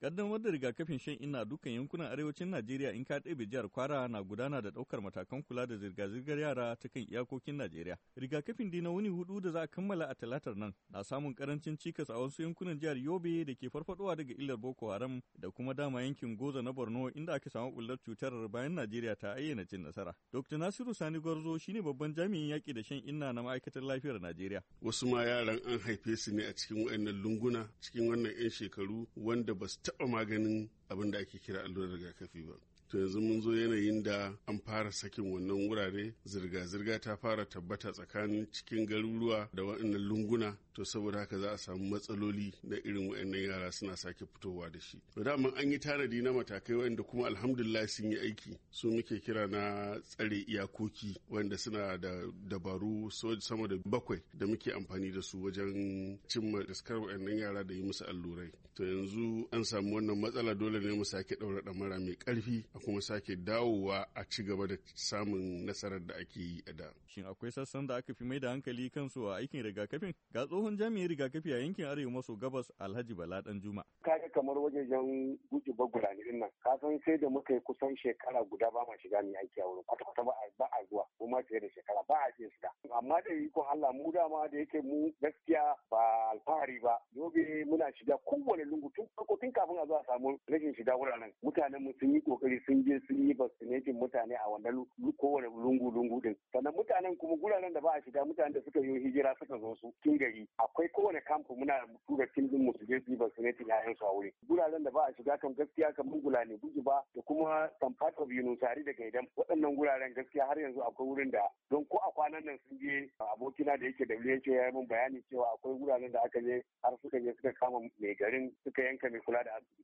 Kaddamar da rigakafin shan inna dukkan yankunan arewacin Najeriya in ka ɗebe jihar Kwara na gudana da ɗaukar matakan kula da zirga-zirgar yara ta kan iyakokin Najeriya. Rigakafin dina wuni hudu da za a kammala a talatar nan na samun karancin cikas a wasu yankunan jihar Yobe da ke farfadowa daga illar Boko Haram da kuma dama yankin Goza na Borno inda aka samu bullar cutar bayan Najeriya ta ayyana cin nasara. Dr. Nasiru Sani Gwarzo shine babban jami'in yaƙi da shan inna na ma'aikatar lafiyar Najeriya. Wasu ma yaran an haife su ne a cikin wa'annan lunguna cikin wannan 'yan shekaru wanda ba su taɓa maganin abin da ake kira allurar rigakafi ba to yanzu mun zo yanayin da an fara sakin wannan wurare zirga-zirga ta fara tabbata tsakanin cikin garuruwa da waɗannan lunguna to saboda haka za a samu matsaloli na irin wayannan yara suna sake fitowa da shi to daman an yi tanadi na matakai wanda kuma alhamdulillah sun yi aiki su muke kira na tsare iyakoki wanda suna da dabaru sama da bakwai da muke amfani da su wajen cimma iskar wayannan yara da yi musu allurai to yanzu an samu wannan matsala dole ne mu sake daura damara mai karfi a kuma sake dawowa a ci gaba da samun nasarar da ake yi a da shin akwai sassan da aka fi mai da hankali kansu a aikin rigakafin ga tsohon tsohon jami'in rigakafi a yankin arewa maso gabas alhaji bala dan juma ga kamar wajejen ba bagula ne nan ka san sai da muka yi kusan shekara guda ba ma shiga mai aiki a wurin kwata kwata ba a zuwa ko ma fiye da shekara ba a iya shiga amma da ko Allah mu dama da yake mu gaskiya ba alfahari ba yobe muna shiga kowane lungu tun farko za a samu rashin shiga wuraren mutanen mu sun yi kokari sun je sun yi vaccination mutane a wannan kowane lungu lungu din sannan mutanen kuma guraren da ba a shiga mutanen da suka yi hijira suka zo su cikin gari akwai kowane kamfu muna tura tim din mu su je su yi vaccination yayan su a wuri guraren da ba a shiga kan gaskiya kan kamar gulani ba da kuma tamfata yunusari da gaidan waɗannan guraren gaskiya har yanzu akwai wurin da don ko a kwanan nan sun je abokina da yake WHO ya yi min bayani cewa akwai wuraren da aka je har suka je suka kama mai garin suka yanka mai kula da asibiti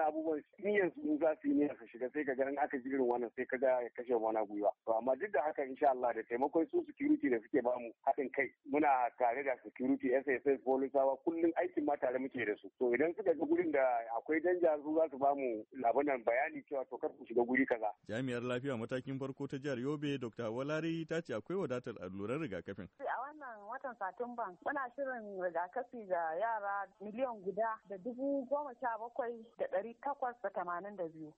waɗannan abubuwan yanzu in za su yi niyyar su shiga sai ka ganin aka ji wannan sai ka ga ya kashe wani gwiwa to amma duk da haka insha Allah da taimakon su security da suke bamu haɗin kai muna tare da security SSS polisawa kullum aikin ma tare muke da su to idan suka ga gurin da akwai danja su za su bamu labanan bayani cewa to kar ku shiga guri kaza jami'ar lafiya matakin farko ta jihar Yobe Dr. Walari ta ce akwai wadatar alluran rigakafin a wannan watan satumba muna shirin rigakafi ga yara miliyan guda da dubu goma sha bakwai da ɗari dari takwas da tamanin da biyu.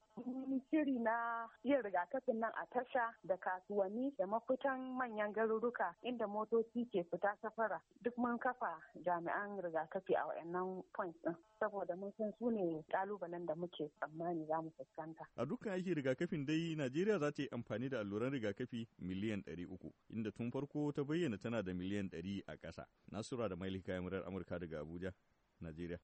Shiri na yin rigakafin nan a tasha da kasuwanni da mafitan manyan garuruka inda motoci ke fita safara duk mun kafa jami'an rigakafi a wayannan points din Saboda mun san su ne kalubalen da muke tsammani za mu fuskanta. A dukkan aiki rigakafin dai Najeriya za ta yi amfani da alluran rigakafi miliyan ɗari uku inda tun farko ta bayyana tana da miliyan ɗari a ƙasa. Nasura da Mailika murar Amurka daga Abuja, Najeriya.